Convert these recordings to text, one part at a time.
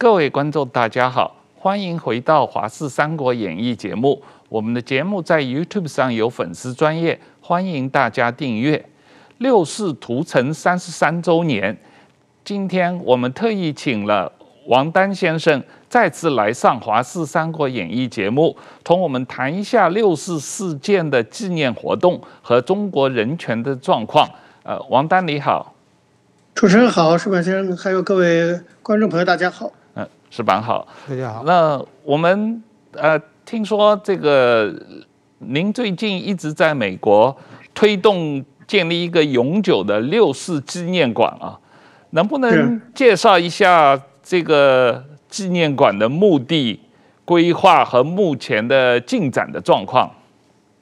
各位觀眾，大家好，歡迎回到《華視三國演議》節目。我們的節目在 YouTube 上有粉絲專頁，歡迎大家訂閱。六四屠城三十三週年，今天我們特意請了王丹先生再次來上《華視三國演議》節目，同我們談一下六四事件的紀念活動和中國人權的狀況。呃，王丹你好，主持人好，矢板先生，還有各位觀眾朋友，大家好。是蠻好，大家好。那我們呃，聽說這個您最近一直在美國推動建立一個永久的六四紀念館啊，能不能介紹一下這個紀念館的目的、是規劃和目前的進展的狀況？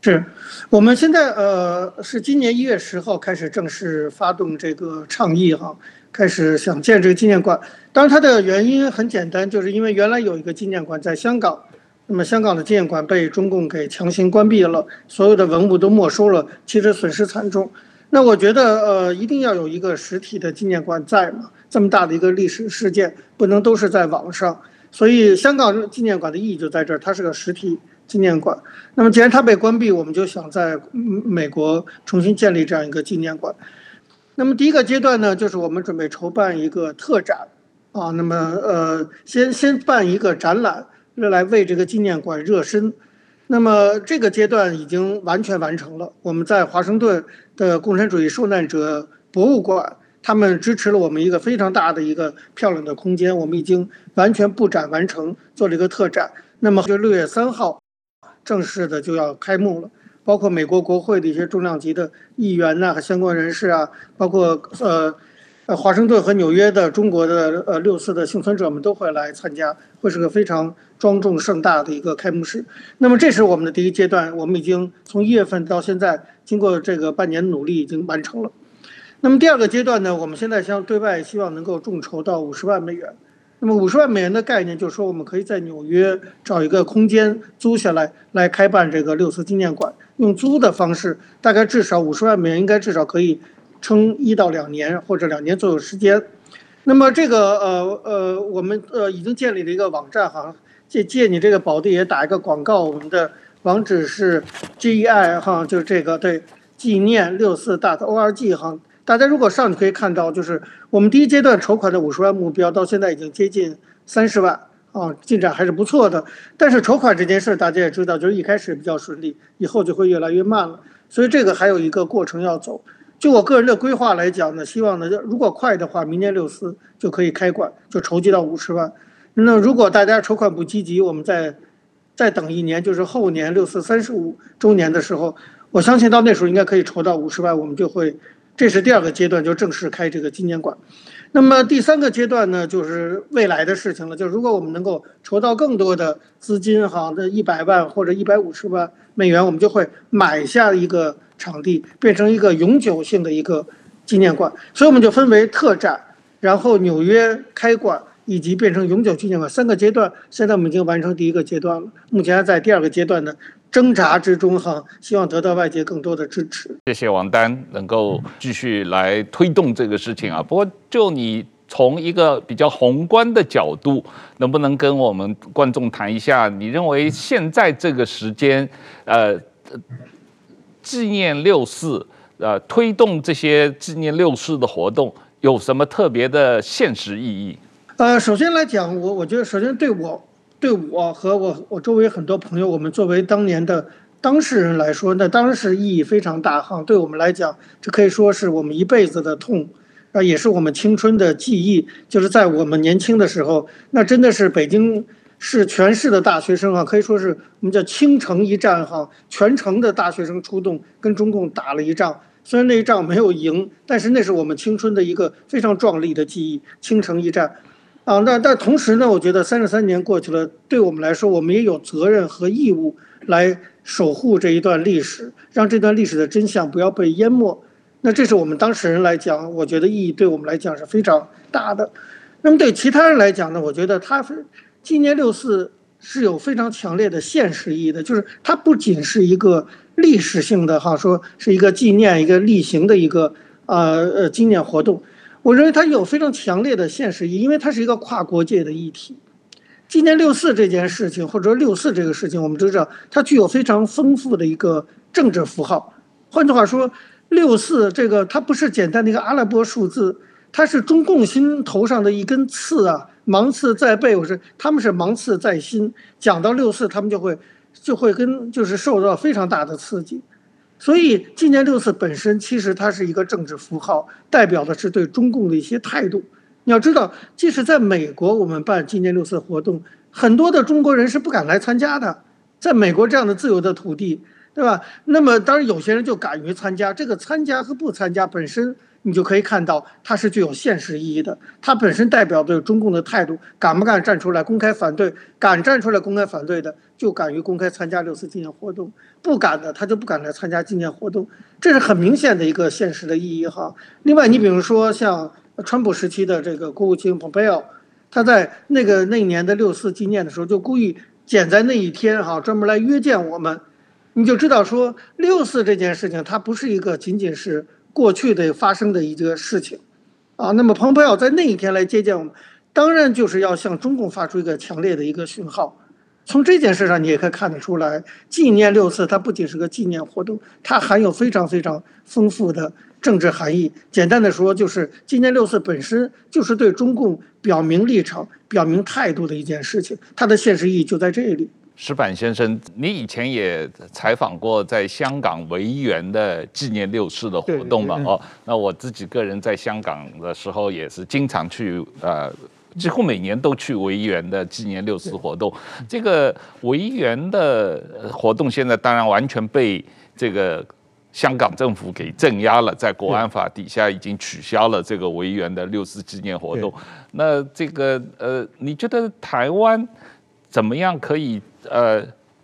是，我們現在呃，是今年一月十號開始正式發動這個倡議哈、啊。開始想建這個紀念館，當然它的原因很簡單，就是因為原來有一個紀念館在香港，那麼香港的紀念館被中共給強行關閉了，所有的文物都沒收了，其實損失慘重。那我覺得，呃，一定要有一個實體的紀念館在嘛，這麼大的一個歷史事件，不能都是在網上。所以香港紀念館的意義就在這兒，它是個實體紀念館。那麼既然它被關閉，我們就想在美國重新建立這樣一個紀念館。那麼第一個階段呢，就是我們準備籌辦一個特展，啊，那麼呃，先先辦一個展覽，用來為這個紀念館熱身。那麼這個階段已經完全完成了。我們在華盛頓的共產主義受難者博物館，他們支持了我們一個非常大的一個漂亮的空間，我們已經完全佈展完成，做了一個特展。那麼就六月三號，正式的就要開幕了。包括美國國會的一些重量級的議員吶、啊、和相關人士啊，包括呃，呃華盛頓和紐約的中國的呃六四的幸存者們都會來參加，會是個非常莊重盛大的一個開幕式。那麼這是我們的第一階段，我們已經從一月份到現在，經過這個半年努力已經完成了。那麼第二個階段呢，我們現在向對外希望能夠眾籌到五十萬美元。那麼五十萬美元的概念，就是說我們可以在紐約找一個空間租下來，來開辦這個六四紀念館，用租的方式，大概至少五十萬美元，應該至少可以撐一到兩年或者兩年左右時間。那麼這個呃呃，我們呃已經建立了一個網站，哈，借借你這個寶地也打一個廣告，我們的網址是 G E I 哈，就是這個對紀念六四 dot O R G 哈。大家如果上去可以看到，就是我們第一階段籌款的五十萬目標，到現在已經接近三十萬啊，進展還是不錯的。但是籌款這件事，大家也知道，就是一開始比較順利，以後就會越來越慢了。所以這個還有一個過程要走。就我個人的規劃來講呢，希望呢，如果快的話，明年六四就可以開館，就籌集到五十萬。那如果大家籌款不積極，我們再再等一年，就是後年六四三十五周年的時候，我相信到那時候應該可以籌到五十萬，我們就會。這是第二個階段，就正式開這個紀念館。那麼第三個階段呢，就是未來的事情了。就如果我們能夠籌到更多的資金，好像這一百萬或者一百五十萬美元，我們就會買下一個場地，變成一個永久性的一個紀念館。所以我們就分為特展，然後紐約開館，以及變成永久紀念館三個階段，現在我們已經完成第一個階段了，目前還在第二個階段的掙扎之中哈，希望得到外界更多的支持。謝謝王丹能夠繼續來推動這個事情啊。不過，就你從一個比較宏觀的角度，能不能跟我們觀眾談一下，你認為現在這個時間，呃，紀念六四，呃，推動這些紀念六四的活動有什麼特別的現實意義？呃，首先來講，我我覺得首先對我、對我和我我周圍很多朋友，我們作為當年的當事人來說，那當時意義非常大哈。對我們來講，這可以說是我們一輩子的痛，啊，也是我們青春的記憶。就是在我們年輕的時候，那真的是北京市全市的大學生啊，可以說是我們叫傾城一戰哈，全城的大學生出動跟中共打了一仗。雖然那一仗沒有贏，但是那是我們青春的一個非常壯麗的記憶，傾城一戰。啊，那但同時呢，我覺得三十三年過去了，對我們來說，我們也有責任和義務來守護這一段歷史，讓這段歷史的真相不要被淹沒。那這是我們當事人來講，我覺得意義對我們來講是非常大的。那麼對其他人來講呢，我覺得它是紀念六四是有非常強烈的現實意義的，就是它不僅是一個歷史性的哈，說是一個紀念，一個例行的一個呃呃紀念活動。我認為它有非常強烈的現實意義，因為它是一個跨國界的議題。今年六四這件事情，或者說六四這個事情，我們都知道，它具有非常豐富的一個政治符號。換句話說，六四這個它不是簡單的一個阿拉伯數字，它是中共心頭上的一根刺啊，芒刺在背，我是他們是芒刺在心。講到六四，他們就會就會跟就是受到非常大的刺激。所以，紀念六四本身其實它是一個政治符號，代表的是對中共的一些態度。你要知道，即使在美國，我們辦紀念六四活動，很多的中國人是不敢來參加的。在美國這樣的自由的土地，對吧？那麼，當然有些人就敢於參加。這個參加和不參加本身。你就可以看到，它是具有現實意義的。它本身代表的中共的態度，敢不敢站出來公開反對？敢站出來公開反對的，就敢於公開參加六四紀念活動；不敢的，他就不敢來參加紀念活動。這是很明顯的一個現實的意義哈。另外，你比如說像川普時期的這個國務卿蓬佩奧，他在那個那一年的六四紀念的時候，就故意揀在那一天哈，專門來約見我們。你就知道說，六四這件事情，它不是一個僅僅是。過去的發生的一個事情，啊，那麼蓬佩奧在那一天來接見我們，當然就是要向中共發出一個強烈的一個訊號。從這件事上，你也可以看得出來，紀念六四它不僅是個紀念活動，它含有非常非常豐富的政治含義。簡單的說，就是紀念六四本身就是對中共表明立場、表明態度的一件事情，它的現實意義就在這裡。矢板先生，你以前也採訪過在香港維園的紀念六四的活動嗎？嗯、哦，那我自己個人在香港的時候也是經常去，呃，幾乎每年都去維園的紀念六四活動。對這個維園的活動現在當然完全被這個香港政府給鎮壓了，在國安法底下已經取消了這個維園的六四紀念活動。對那這個呃，你覺得台灣怎麼樣可以？呃，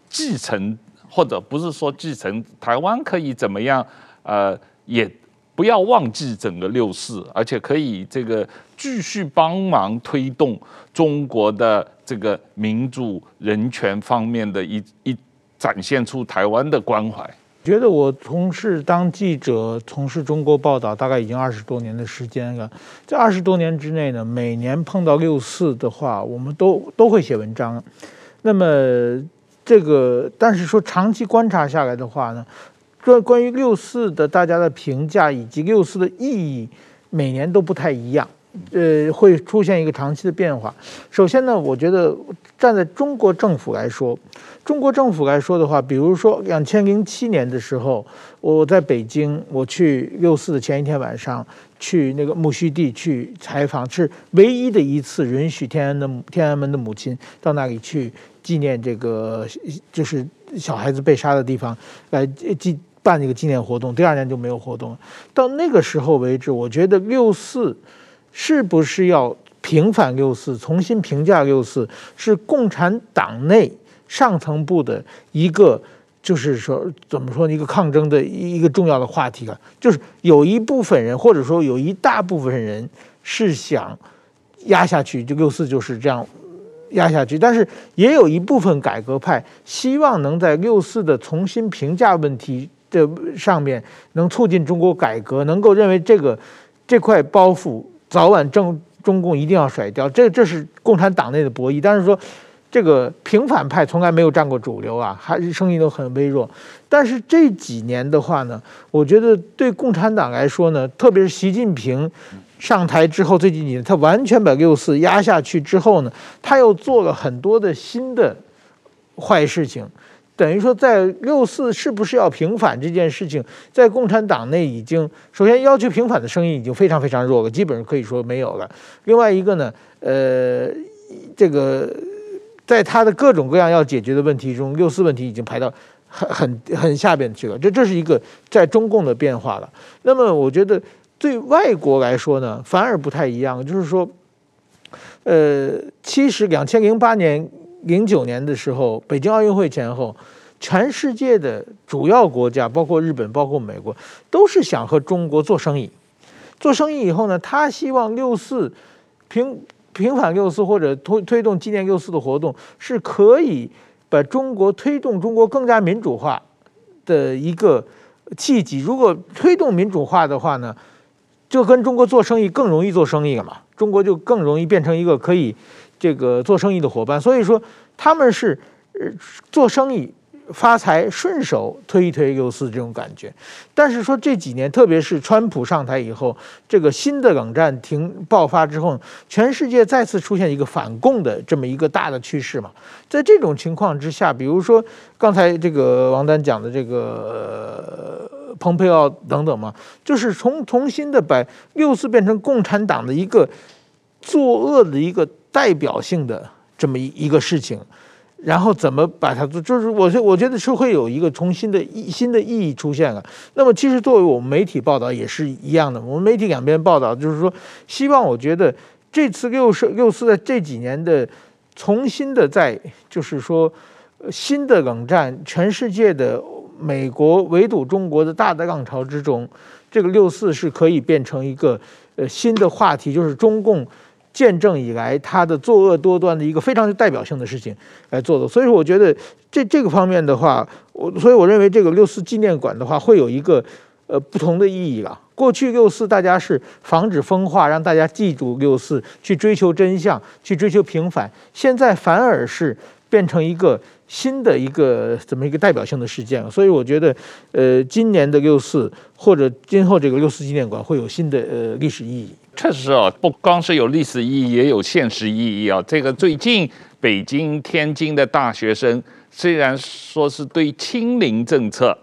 繼承或者不是說繼承，台灣可以怎麼樣，呃，也不要忘記整個六四，而且可以這個繼續幫忙推動中國的這個民主人權方面的一一展現出台灣的關懷。覺得我從事當記者，從事中國報道大概已經二十多年的時間了。這二十多年之內呢，每年碰到六四的話，我們都都會寫文章。那麼這個，但是說長期觀察下來的話呢，關關於六四的大家的評價以及六四的意義，每年都不太一樣，呃，會出現一個長期的變化。首先呢，我覺得站在中國政府來說，中國政府來說的話，比如說2007年的時候，我在北京，我去六四的前一天晚上。去那個，木樨地去採訪，是唯一的一次允許天安的天安門的母親到那裡去紀念，這個就是小孩子被殺的地方來祭辦這個紀念活動。第二年就沒有活動了。到那個時候為止，我覺得六四是不是要平反六四，重新評價六四，是共產黨內上層部的一個。就是說，怎麼說呢，一個抗爭的一個重要的話題啊，就是有一部分人，或者說有一大部分人是想壓下去，就六四就是這樣壓下去。但是也有一部分改革派希望能在六四的重新評價問題的上面能促進中國改革，能夠認為這個這塊包袱早晚正，中共一定要甩掉。這這是共產黨內的博弈，但是說。這個平反派從來沒有佔過主流啊，還是聲音都很微弱。但是這幾年的話呢，我覺得對共產黨來說呢，特別是習近平上台之後，最近幾年，他完全把六四壓下去之後呢，他又做了很多的新的壞事情，等於說在六四是不是要平反這件事情，在共產黨內已經首先要求平反的聲音已經非常非常弱了，基本上可以說沒有了。另外一個呢，呃，這個。在他的各種各樣要解決的問題中，六四問題已經排到很很很下邊去了。這這是一個在中共的變化了。那麼我覺得對外國來說呢，反而不太一樣。就是說，呃，其實2008年、零九年的時候，北京奧運會前後，全世界的主要國家，包括日本、包括美國，都是想和中國做生意。做生意以後呢，他希望六四平。平反六四或者推推動紀念六四的活動，是可以把中國推動中國更加民主化的一個契機。如果推動民主化的話呢，就跟中國做生意更容易做生意了嘛，中國就更容易變成一個可以這個做生意的夥伴。所以說，他們是呃做生意、發財順手推一推六四這種感覺，但是說這幾年，特別是川普上台以後，這個新的冷戰停爆發之後，全世界再次出現一個反共的這麼一個大的趨勢嘛。在這種情況之下，比如說剛才這個王丹講的這個、呃、蓬佩奧等等嘛，就是從重新的把六四變成共產黨的一個作惡的一個代表性的這麼一一個事情。然後怎麼把它做？就是我覺我覺得是會有一個重新的意，新的意義出現了。那麼其實作為我們媒體報道也是一樣的，我們媒體兩邊報道就是說，希望我覺得這次六四六四，在這幾年的重新的在就是說新的冷戰，全世界的美國圍堵中國的大的浪潮之中，這個六四是可以變成一個呃新的話題，就是中共，見證以來，他的作惡多端的一個非常有代表性的事情來做的。所以說我覺得這這個方面的話，我所以我認為這個六四紀念館的話會有一個呃不同的意義了。過去六四大家是防止風化，讓大家記住六四，去追求真相，去追求平反，現在反而是變成一個新的一個怎麼一個代表性的事件了，所以我覺得呃今年的六四或者今後這個六四紀念館會有新的呃歷史意義。確實啊，不光是有歷史意義，也有現實意義啊。這個最近北京、天津的大學生雖然說是對清零政策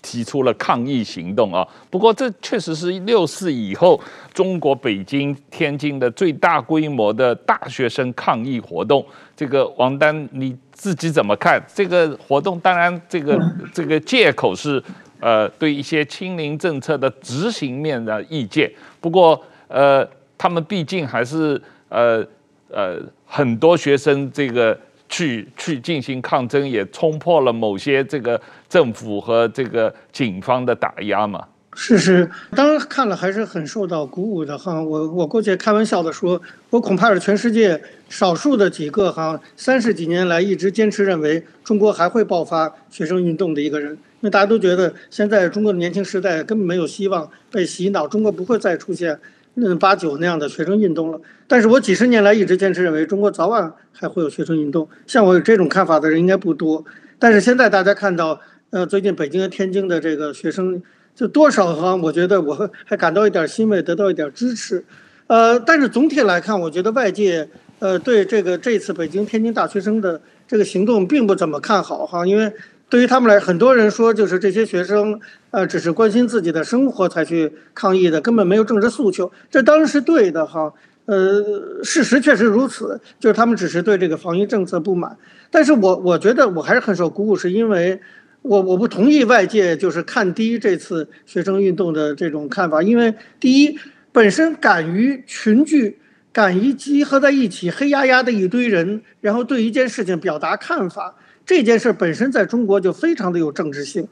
提出了抗議行動啊，不過這確實是六四以後中國北京、天津的最大規模的大學生抗議活動。這個王丹你自己怎麼看這個活動？當然，這個這個借口是，呃，對一些清零政策的執行面的意見，不過。呃，他們畢竟還是呃呃，很多學生這個去去進行抗爭，也衝破了某些這個政府和這個警方的打壓嘛。是是，當然看了還是很受到鼓舞的哈。我我過去開玩笑的說，我恐怕是全世界少數的幾個哈，三十幾年來一直堅持認為中國還會爆發學生運動的一個人。因為大家都覺得現在中國的年輕時代根本沒有希望被洗腦，中國不會再出現。嗯，八九那樣的學生運動了，但是我幾十年來一直堅持認為，中國早晚還會有學生運動。像我有這種看法的人應該不多，但是現在大家看到，呃，最近北京和天津的這個學生，就多少哈，我覺得我還感到一點欣慰，得到一點支持，呃，但是總體來看，我覺得外界呃對這個這次北京、天津大學生的這個行動並不怎麼看好哈，因為對於他們來，很多人說就是這些學生。呃，只是關心自己的生活才去抗議的，根本沒有政治訴求，這當然是對的哈。呃，事實確實如此，就是他們只是對這個防疫政策不滿。但是我我覺得我還是很受鼓舞，是因為我我不同意外界就是看低這次學生運動的這種看法，因為第一，本身敢於群聚、敢於集合在一起，黑壓壓的一堆人，然後對一件事情表達看法，這件事本身在中國就非常的有政治性。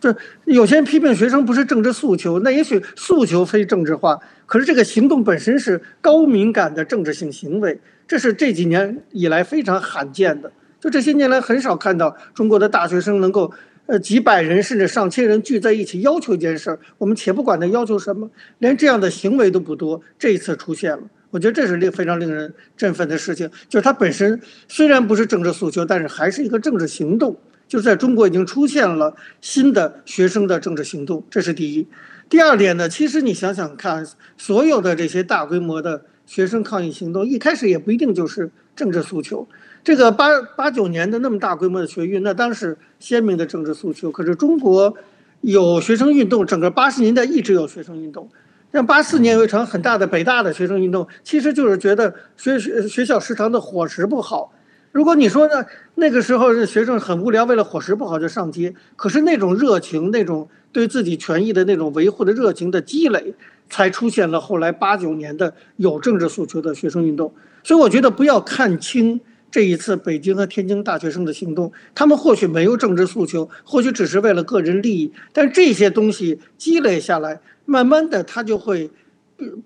就有些人批評學生不是政治訴求，那也許訴求非政治化。可是這個行動本身是高敏感的政治性行為，這是這幾年以來非常罕見的。就這些年來很少看到中國的大學生能夠，呃，幾百人甚至上千人聚在一起要求一件事兒。我們且不管他要求什麼，連這樣的行為都不多。這一次出現了，我覺得這是令非常令人振奮的事情。就是他本身雖然不是政治訴求，但是還是一個政治行動。就在中國已經出現了新的學生的政治行動，這是第一。第二點呢，其實你想想看，所有的這些大規模的學生抗議行動，一開始也不一定就是政治訴求。這個八八九年的那麼大規模的學運，那當然是鮮明的政治訴求。可是中國有學生運動，整個八十年代一直有學生運動。像八四年有一場很大的北大的學生運動，其實就是覺得學學學校食堂的伙食不好。如果你說呢，那個時候是學生很無聊，為了伙食不好就上街，可是那種熱情、那種對自己權益的那種維護的熱情的積累，才出現了後來八九年的有政治訴求的學生運動。所以我覺得不要看輕這一次北京和天津大學生的行動，他們或許沒有政治訴求，或許只是為了個人利益，但這些東西積累下來，慢慢的他就會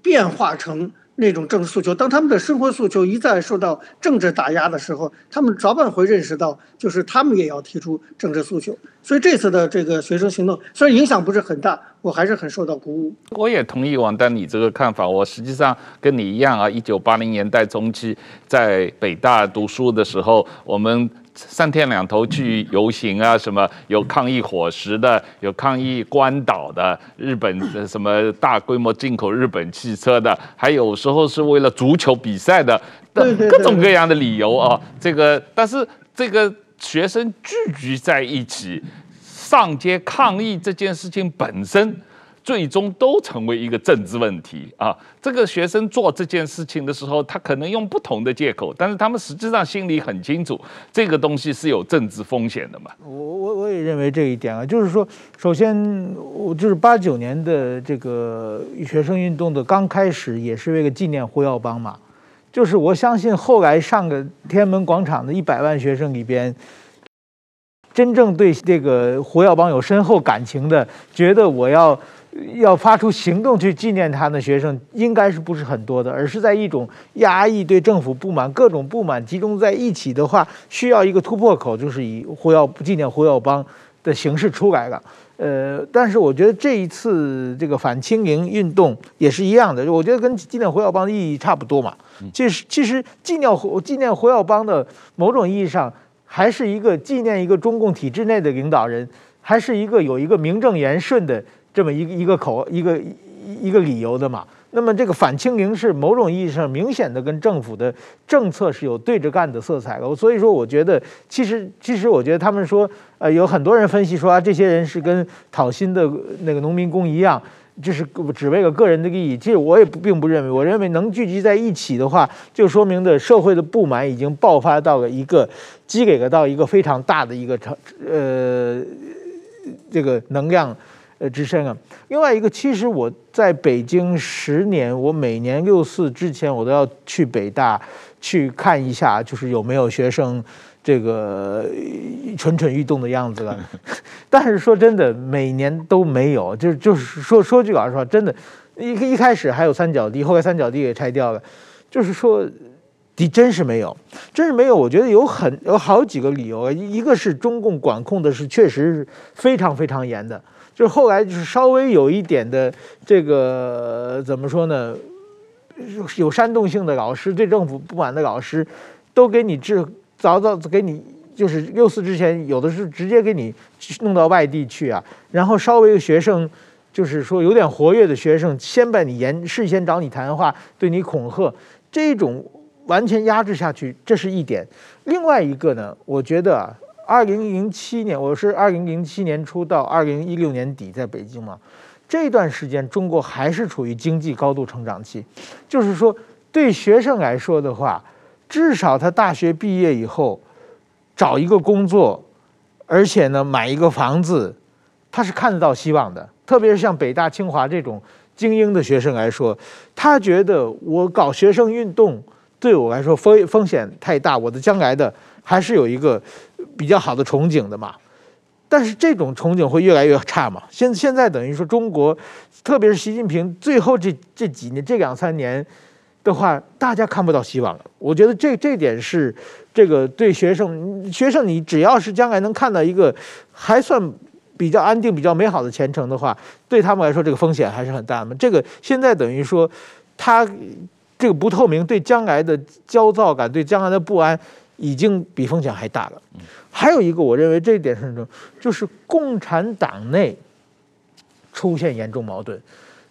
變化成。那種政治訴求，當他們的生活訴求一再受到政治打壓的時候，他們早晚會認識到，就是他們也要提出政治訴求。所以這次的這個學生行動，雖然影響不是很大，我還是很受到鼓舞。我也同意王丹你這個看法，我實際上跟你一樣啊，一九八零年代中期在北大讀書的時候，我們。三天兩頭去遊行啊，什麼有抗議伙食的，有抗議關島的，日本的什麼大規模進口日本汽車的，還有時候是為了足球比賽的，各種各樣的理由啊。這個，但是這個學生聚集在一起上街抗議這件事情本身，最終都成為一個政治問題啊！這個學生做這件事情的時候，他可能用不同的借口，但是他們實際上心裡很清楚，這個東西是有政治風險的嘛。我我我也認為這一點啊，就是說，首先我就是八九年的這個學生運動的剛開始，也是為了紀念胡耀邦嘛。就是我相信後來上個天安門廣場的一百萬學生裡邊，真正對這個胡耀邦有深厚感情的，覺得我要。要發出行動去紀念他的學生，應該是不是很多的，而是在一種壓抑、對政府不滿、各種不滿集中在一起的話，需要一個突破口，就是以胡耀紀念胡耀邦的形式出來了。呃，但是我覺得這一次這個反清零運動也是一樣的，我覺得跟紀念胡耀邦的意義差不多嘛。其實其實紀念胡紀念胡耀邦的某種意義上，還是一個紀念一個中共體制內的領導人，還是一個有一個名正言順的。這麼一個一個口一個一一個理由的嘛，那麼這個反清零是某種意義上明顯的跟政府的政策是有對着幹的色彩的。所以說，我覺得其實其實，我覺得他們說，呃，有很多人分析說啊，這些人是跟討薪的那個農民工一樣，就是只為了個人的利益。其實我也不並不認為，我認為能聚集在一起的話，就說明的社會的不滿已經爆發到了一個積累到一個非常大的一個呃這個能量。呃，之聲啊。另外一個，其實我在北京十年，我每年六四之前，我都要去北大去看一下，就是有沒有學生這個蠢蠢欲動的樣子了。但是說真的，每年都沒有。就就是說說句老實話，真的，一一開始還有三角地，後來三角地也拆掉了。就是說，真真是沒有，真是沒有。我覺得有很有好幾個理由啊，一個是中共管控的是確實是非常非常嚴的。就是後來就是稍微有一點的這個、呃、怎麼說呢？有煽動性的老師對政府不滿的老師，都給你治，早早給你，就是六四之前有的是直接給你弄到外地去啊。然後稍微學生就是說有點活躍的學生，先把你嚴事先找你談話，對你恐嚇，這種完全壓制下去，這是一點。另外一個呢，我覺得、啊二零零七年，我是二零零七年初到二零一六年底在北京嘛，這段時間中國還是處於經濟高度成長期，就是說，對學生來說的話，至少他大學畢業以後，找一個工作，而且呢買一個房子，他是看得到希望的。特別是像北大、清華這種精英的學生來說，他覺得我搞學生運動對我來說風風險太大，我的將來的還是有一個。比較好的憧憬的嘛，但是這種憧憬會越來越差嘛。現現在等於說中國，特別是習近平最後這這幾年、這兩三年的話，大家看不到希望了。我覺得這這點是這個對學生，學生你只要是將來能看到一個還算比較安定、比較美好的前程的話，對他們來說這個風險還是很大嘛。這個現在等於說他這個不透明，對將來的焦躁感，對將來的不安，已經比風險還大了，還有一個，我認為這一點是什麼，就是共產黨內出現嚴重矛盾。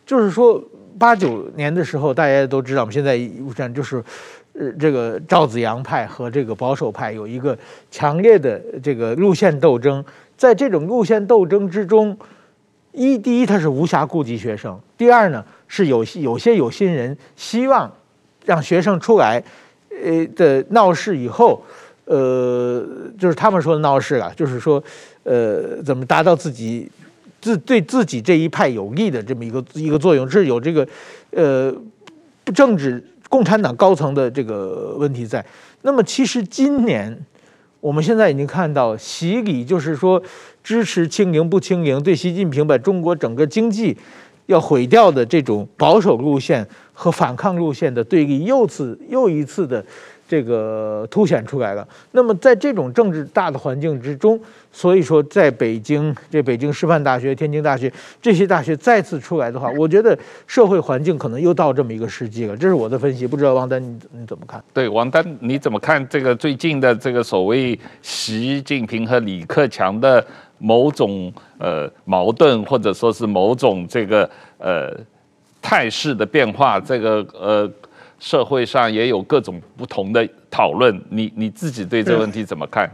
就是說，八九年的時候，大家都知道，我們現在講就是，呃，這個趙紫陽派和這個保守派有一個強烈的這個路線鬥爭。在這種路線鬥爭之中，一，第一，他是無暇顧及學生；第二呢，是有些有些有心人希望讓學生出來。呃，的鬧事以後，呃，就是他們說的鬧事了，就是說，呃，怎麼達到自己自對自己這一派有利的這麼一個一個作用，這是有這個呃政治共產黨高層的這個問題在。那麼，其實今年我們現在已經看到，習李就是說支持清零不清零，對習近平把中國整個經濟要毀掉的這種保守路線。和反抗路線的對立，又次又一次的這個凸顯出來了。那麼，在這種政治大的環境之中，所以說，在北京這北京師範大學、天津大學這些大學再次出來的話，我覺得社會環境可能又到這麼一個時機了。這是我的分析，不知道王丹你你怎麼看？對，王丹你怎麼看這個最近的這個所謂習近平和李克強的某種呃矛盾，或者說是某種這個呃。態勢的變化，這個呃，社會上也有各種不同的討論。你你自己對這個問題怎麼看？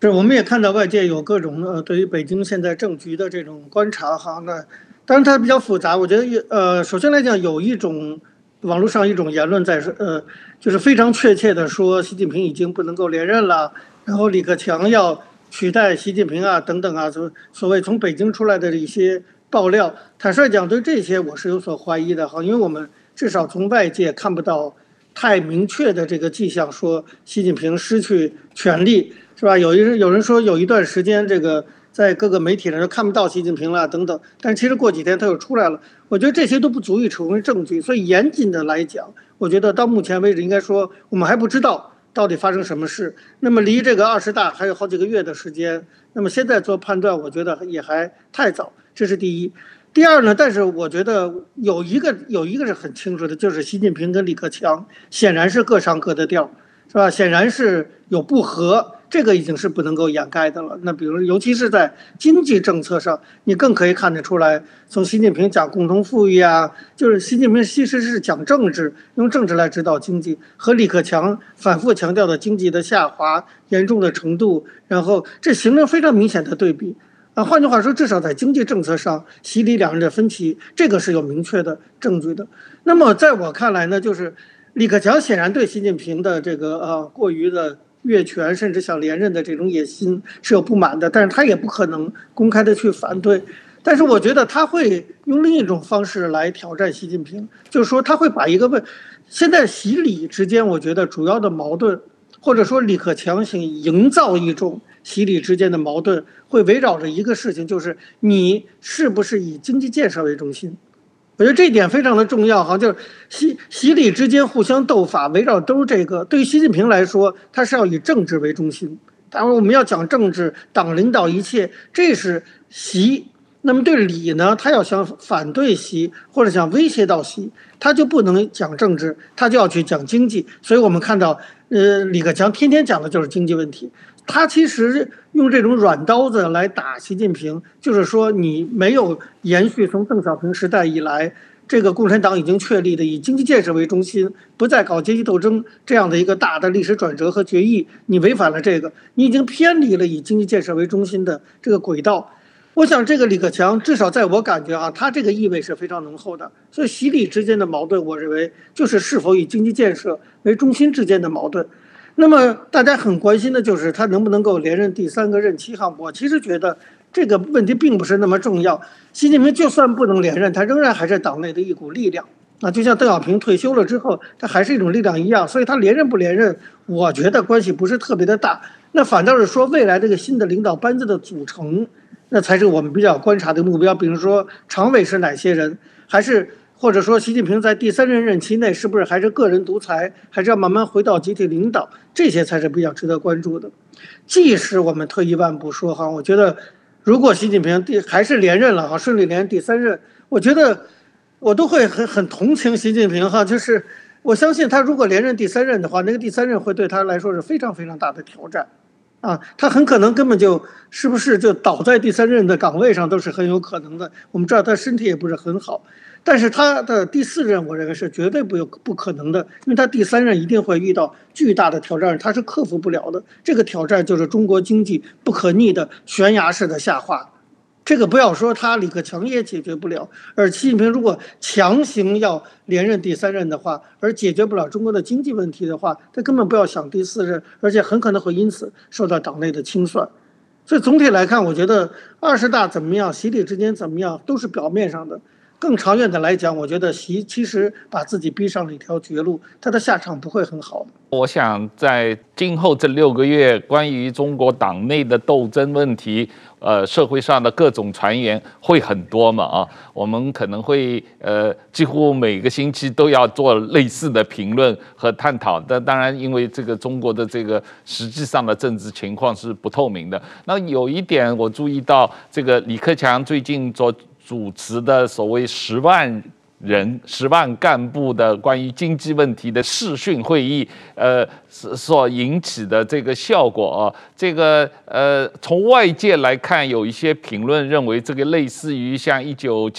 是，是，我們也看到外界有各種呃，對於北京現在政局的這種觀察哈。那當然它比較複雜。我覺得也呃，首先來講，有一種網絡上一種言論在說呃，就是非常確切地說，習近平已經不能夠連任了，然後李克強要取代習近平啊，等等啊，所所謂從北京出來的一些。爆料，坦率講，對這些我是有所懷疑的哈，因為我們至少從外界看不到太明確的這個跡象，說習近平失去權力是吧？有一有人說有一段時間這個在各個媒體上看不到習近平了等等，但其實過幾天他又出來了，我覺得這些都不足以成為證據，所以嚴謹的來講，我覺得到目前為止應該說我們還不知道到底發生什麼事。那麼離這個二十大還有好幾個月的時間，那麼現在做判斷，我覺得也還太早。這是第一，第二呢？但是我覺得有一個有一個是很清楚的，就是習近平跟李克強顯然是各上各的調，是吧？顯然是有不和，這個已經是不能夠掩蓋的了。那比如，尤其是在經濟政策上，你更可以看得出來，從習近平講共同富裕啊，就是習近平其實是講政治，用政治來指導經濟，和李克強反復強調的經濟的下滑嚴重的程度，然後這形成非常明顯的對比。啊，換句話說，至少在經濟政策上，習李兩人的分歧，這個是有明確的證據的。那麼，在我看來呢，就是李克強顯然對習近平的這個呃、啊、過於的越權，甚至想連任的這種野心是有不滿的，但是他也不可能公開的去反對。但是，我覺得他會用另一種方式來挑戰習近平，就是說他會把一個問，現在習李之間，我覺得主要的矛盾，或者說李克強想營造一種。習李之間的矛盾會圍繞着一個事情，就是你是不是以經濟建設為中心？我覺得這一點非常的重要，哈，就是習習李之間互相鬥法，圍繞都是這個。對於習近平來說，他是要以政治為中心，當然我們要講政治，黨領導一切，這是習。那麼對李呢，他要想反對習或者想威脅到習，他就不能講政治，他就要去講經濟。所以我們看到，呃，李克強天天講的就是經濟問題。他其實用這種軟刀子來打習近平，就是說你沒有延續從鄧小平時代以來這個共產黨已經確立的以經濟建設為中心，不再搞階級鬥爭這樣的一個大的歷史轉折和決議，你違反了這個，你已經偏離了以經濟建設為中心的這個軌道。我想這個李克強至少在我感覺啊，他這個意味是非常濃厚的。所以習李之間的矛盾，我認為就是是否以經濟建設為中心之間的矛盾。那麼大家很關心的就是他能不能夠連任第三個任期哈？我其實覺得這個問題並不是那麼重要。習近平就算不能連任，他仍然還是黨內的一股力量。那就像鄧小平退休了之後，他還是一種力量一樣。所以他連任不連任，我覺得關係不是特別的大。那反倒是說未來這個新的領導班子的組成，那才是我們比較觀察的目標。比如說常委是哪些人，還是？或者說，習近平在第三任任期內是不是還是個人獨裁，還是要慢慢回到集體領導？這些才是比較值得關注的。即使我們退一萬步說哈，我覺得，如果習近平第還是連任了哈，順利連任第三任，我覺得我都會很很同情習近平哈。就是我相信他如果連任第三任的話，那個第三任會對他來說是非常非常大的挑戰啊。他很可能根本就是不是就倒在第三任的崗位上都是很有可能的。我們知道他身體也不是很好。但是他的第四任，我認為是絕對不有不可能的，因為他第三任一定會遇到巨大的挑戰，他是克服不了的。這個挑戰就是中國經濟不可逆的懸崖式的下滑，這個不要說他李克強也解決不了，而習近平如果強行要連任第三任的話，而解決不了中國的經濟問題的話，他根本不要想第四任，而且很可能會因此受到黨內的清算。所以總體來看，我覺得二十大怎麼樣，習李之間怎麼樣，都是表面上的。更長遠的來講，我覺得習其實把自己逼上了一條絕路，他的下場不會很好。我想在今後這六個月，關於中國黨內的鬥爭問題，呃，社會上的各種傳言會很多嘛啊，我們可能會呃，幾乎每個星期都要做類似的評論和探討。但當然，因為這個中國的這個實際上的政治情況是不透明的。那有一點我注意到，這個李克強最近做。主持的所謂十萬人、十萬幹部的關於經濟問題的視訊會議，呃，所引起的這個效果啊，這個呃，從外界來看，有一些評論認為這個類似於像一九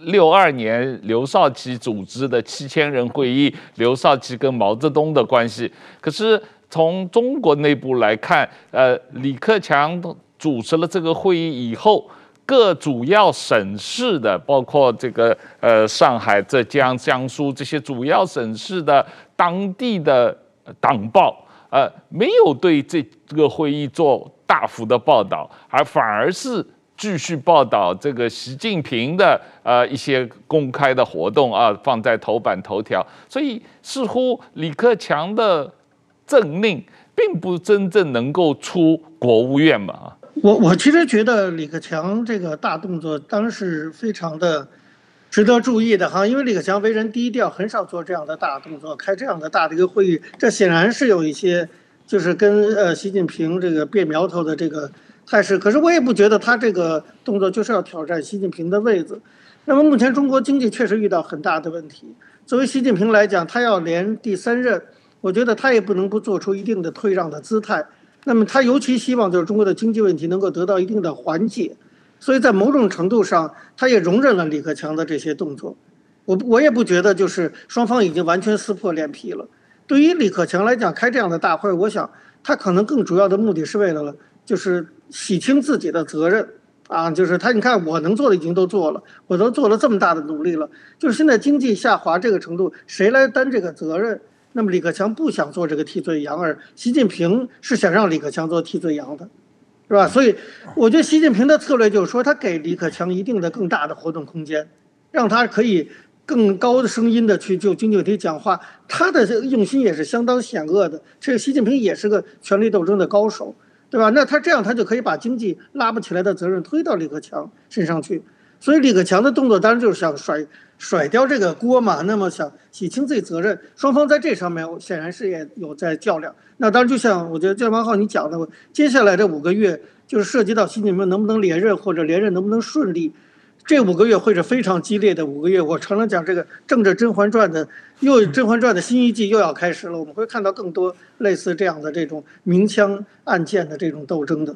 六二年劉少奇組織的七千人會議，劉少奇跟毛澤東的關係。可是從中國內部來看，呃，李克強主持了這個會議以後。各主要省市的，包括這個呃上海、浙江、江蘇這些主要省市的當地的黨報，呃，沒有對這個會議做大幅的報道，而反而是繼續報道這個習近平的呃一些公開的活動啊，放在頭版頭條。所以，似乎李克強的政令並不真正能夠出國務院嘛。我我其實覺得李克強這個大動作，當然是非常的值得注意的哈，因為李克強為人低調，很少做這樣的大動作，開這樣的大的一個會議，這顯然是有一些就是跟呃習近平這個變苗頭的這個態勢。可是我也不覺得他這個動作就是要挑戰習近平的位子。那麼目前中國經濟確實遇到很大的問題，作為習近平來講，他要連第三任，我覺得他也不能不做出一定的退讓的姿態。那麼他尤其希望就是中國的經濟問題能夠得到一定的緩解，所以在某種程度上，他也容忍了李克強的這些動作。我我也不覺得就是雙方已經完全撕破臉皮了。對於李克強來講，開這樣的大會，我想他可能更主要的目的是為了就是洗清自己的責任啊，就是他你看我能做的已經都做了，我都做了這麼大的努力了，就是現在經濟下滑這個程度，誰來擔這個責任？那麼李克強不想做這個替罪羊，而習近平是想讓李克強做替罪羊的，是吧？所以我覺得習近平的策略就是說，他給李克強一定的更大的活動空間，讓他可以更高的聲音的去就經濟問題講話，他的用心也是相當險惡的。這習近平也是個權力鬥爭的高手，對吧？那他這樣，他就可以把經濟拉不起來的責任推到李克強身上去。所以李克強的動作當然就是想甩甩掉這個鍋嘛，那麼想洗清自己責任。雙方在這上面，顯然是也有在較量。那當然就像我覺得汪浩你講的，接下來這五個月就是涉及到習近平能不能連任，或者連任能不能順利。這五個月會是非常激烈的五個月。我常常講這個政治《甄嬛傳》的，又《甄嬛傳》的新一季又要開始了，我們會看到更多類似這樣的這種明槍暗箭的這種鬥爭的。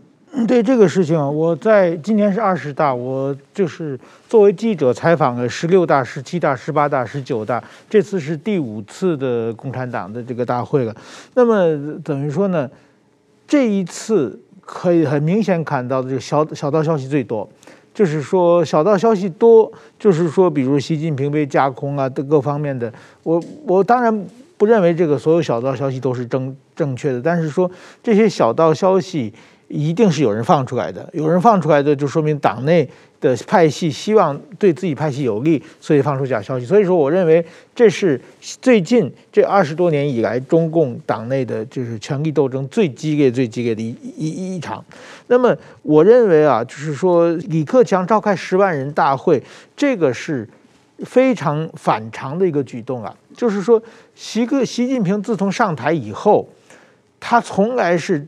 對這個事情，我在今年是二十大，我就是作為記者採訪了十六大、十七大、十八大、十九大，這次是第五次的共產黨的這個大會了。那麼等於說呢，這一次可以很明顯看到的就，這個小小道消息最多，就是說小道消息多，就是說比如習近平被架空啊等各方面的。我我當然不認為這個所有小道消息都是正正確的，但是說這些小道消息。一定是有人放出來的，有人放出來的就說明黨內的派系希望對自己派系有利，所以放出假消息。所以說，我認為這是最近這二十多年以來中共黨內的就是權力鬥爭最激烈、最激烈的一一一場。那麼，我認為啊，就是說李克強召開十萬人大會，這個是非常反常的一個舉動啊。就是說，習習近平自從上台以後，他從來是。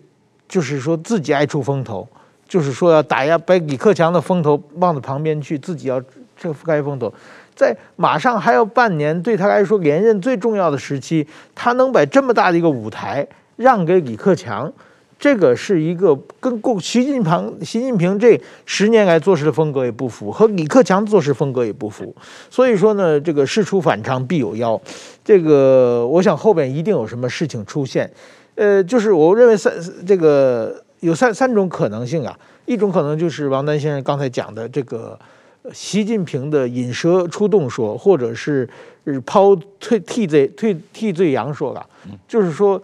就是說自己愛出風頭，就是說要打壓，把李克強的風頭放到旁邊去，自己要遮開風頭，在馬上還要半年對他來說連任最重要的時期，他能把這麼大的一個舞台讓給李克強，這個是一個跟過習近平習近平這十年來做事的風格也不符，和李克強做事風格也不符，所以說呢，這個事出反常必有妖，這個我想後邊一定有什麼事情出現。呃，就是我認為三這個有三三種可能性啊，一種可能就是王丹先生剛才講的這個習近平的引蛇出洞說，或者是拋退替罪退替罪羊說吧，嗯、就是說，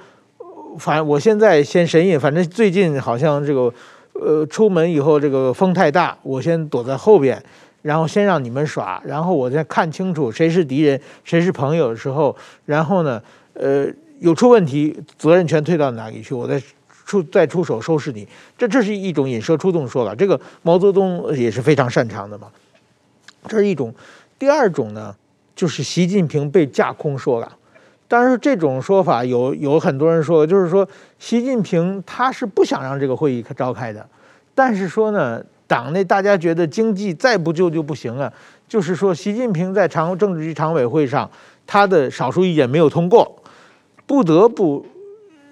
反正我現在先神隱，反正最近好像這個呃出門以後這個風太大，我先躲在後邊，然後先讓你們耍，然後我再看清楚誰是敵人，誰是朋友的時候，然後呢，呃。有出問題，責任全推到哪裡去？我再出再出手收拾你，這這是一種引蛇出洞說法。這個毛澤東也是非常擅長的嘛，這是一種。第二種呢，就是習近平被架空說了。當然這種說法有有很多人說，就是說習近平他是不想讓這個會議召開的，但是說呢，黨內大家覺得經濟再不救就，就不行了，就是說習近平在常政治局常委會上，他的少數意見沒有通過。不得不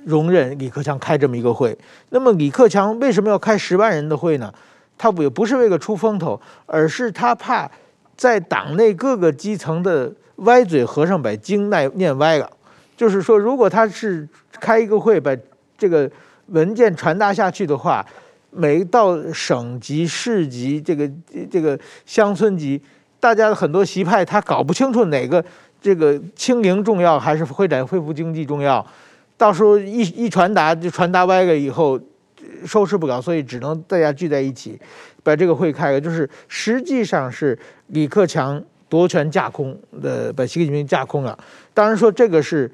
容忍李克強開這麼一個會。那麼李克強為什麼要開十萬人的會呢？他也不是為了出風頭，而是他怕在黨內各個基層的歪嘴和尚把經念念歪了。就是說，如果他是開一個會，把這個文件傳達下去的話，每到省級、市級、這個這個鄉村級，大家的很多習派他搞不清楚哪個。這個清零重要還是會展恢復經濟重要？到時候一一傳達就傳達歪了以後收拾不了，所以只能大家聚在一起把這個會開了。就是實際上是李克強奪權架空的，把習近平架空了。當然說這個是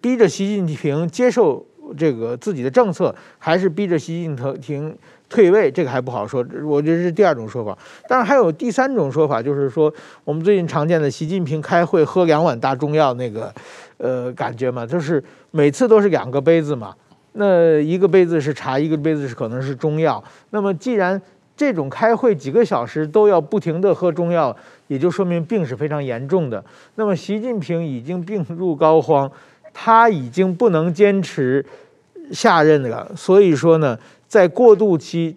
逼着習近平接受這個自己的政策，還是逼着習近平。退位這個還不好說，我覺得是第二種說法。當然還有第三種說法，就是說我們最近常見的習近平開會喝兩碗大中藥那個，呃，感覺嘛，就是每次都是兩個杯子嘛，那一個杯子是茶，一個杯子是可能是中藥。那麼既然這種開會幾個小時都要不停地喝中藥，也就說明病是非常嚴重的。那麼習近平已經病入膏肓，他已經不能堅持下任了。所以說呢。在過渡期，